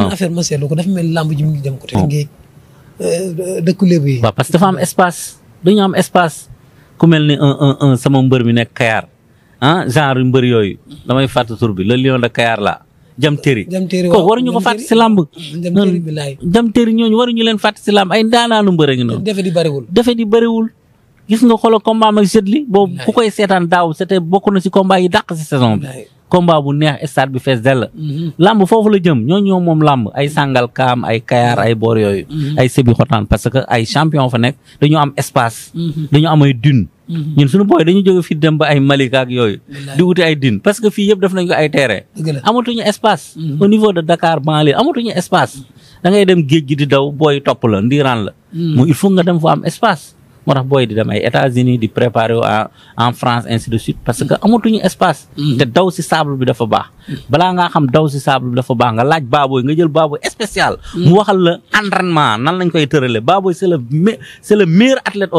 man ah. affaire ma seetlu ko dafa mel làmb ji mu ngi jëm côté Tëngéej oh. euh, dëkku yi waaw parce que dafa dañu am espace ku mel ni un un sama mbër mi nekk Kayar ah genre mbër yooyu damay fàtt tur bi la jam tëri ko waruñu ko fàtt si làmb jam tëri ñooñu waruñu leen fàtt si làmb ay ndaanaanu mbër a ngi noonu defe di bariwul gis nga xoolal combat am ak Jet ku koy seetaan daaw c'était bokk na si combat yi dàq si saison bi combat bu neex stade bi fees dell. Mm-hmm. làmb foofu la jëm ñoo moom làmb ay sàngal kaam ay kayaar ay boor yooyu. Mm-hmm. ay sëbi xotaan parce que ay champion fa nekk dañoo am espace. Mm-hmm. dañoo am ay dune. ñun suñu booy dañu jóge fii dem ba ay Malika ak yooyu. di wuti ay dune parce que fii yëpp def nañ ko ay terrain. amatuñu espace. au niveau de Dakar banlieue amatuñu espace. da ngay dem géej gi di daw booy topp la ndiiraan la. mu il faut nga dem fa am espace. moo tax booy di dem ay États-Unis di préparer wu en France ainsi de suite parce que amatuñu mm. mm. la entraînement nan lañ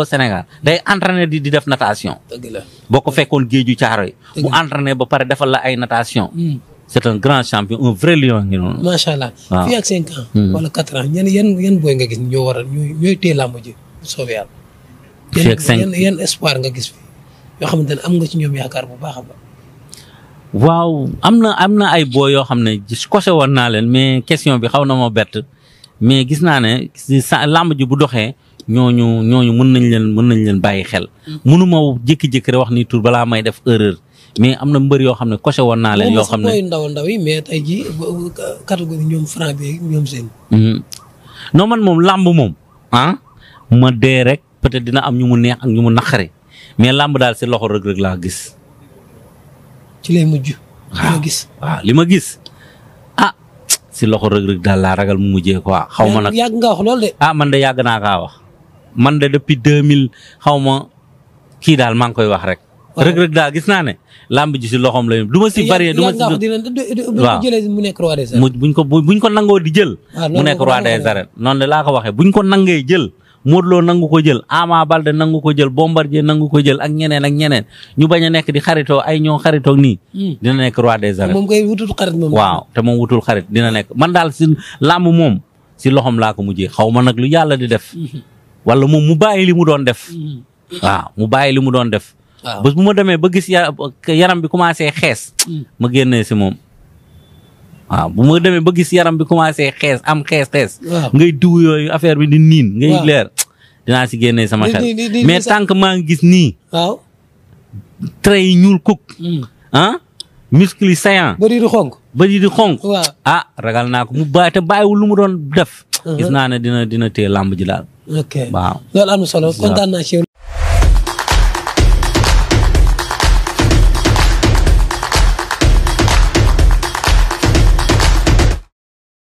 Sénégal day entraîner di di def natation. dëgg la boo géeju caaro yi. mu entraîner ba pare defal la ay natation. Mm. c'est un grand champion un vrai lion ngi noonu. macha allah fii ak cinq ans. wala quatre ans ñenn yan a ñooy ñooy téye fii ak cinq yan espoir nga gis fi yoo xamante ne am nga ci ñoom yaakaar bu baax a waaw am na am na ay boo yoo xam ne kose woon naa leen mais question bi xaw na ma bett mais gis naa ne si sa làmb ji bu doxee ñooñu ñooñu mën nañ leen mën nañ leen bàyyi xel. mënu mm. ma jékki-jékki rek wax nii tur balaa may def erreur. mais am na mbër yoo xam ne coché woon naa leen. yoo xam ne ndaw ndaw yi mais tey jii catégorie ñoom franc bi ñoom seen. Mm. man moom làmb moom ah ma dee rek peut-être dina am ñu mu neex ak ñu mu naqari mais làmb daal si loxo rëg-rëg laa gis. ci lay mujj. waaw gis waaw li ma gis. ah si loxo rëg-rëg daal laa ragal mu mujjee quoi. xaw ma nag yàgg nga wax loolu de. ah man de yàgg naa kaa wax man de depuis deux mille xaw ma kii daal maa ngi koy wax rek. rëg-rëg daal gis naa ne làmb ji si loxoom la du ma si varié du ma si mu nekk roi des arènes buñ ko buñ ko nangoo di jël. Ah, mu nekk roi des arènes noonu la laa ko waxee buñ ko nangee jël Modou Lo nangu ko jël Ama Balde nangu ko jël Bombardier nangu ko jël ak ñeneen ak ñeneen ñu bañ a nekk di xaritoo ay ñoo xaritoo nii. Hmm. dina nekk roi des arènes. moom kay wutul xarit moom. waaw te moom wutul xarit dina nekk man daal si làmb moom si loxoom laa ko mujjee xaw ma nag lu yàlla di def. Hmm. wala moom mu bàyyi li mu doon def. Hmm. waaw mu bàyyi li mu doon def. bu ma demee ba gis yaram bi commencé xees. ma génnee si moom. waaw bu ma demee ba gis yaram bi commencé xees am xees xees. ngay diw yooyu affaire bi di niin. ngay leer dinaa si génnee sama xel. mais tant maa ngi gis nii. waaw traits ñuul kuk. Hmm. ah muscle yi saillant. di xonk bëri ah ragal naa ko mu bàyyi te bàyyiwul lu mu doon def. Uh-huh. gis naa ne dina dina téye làmb ji daal.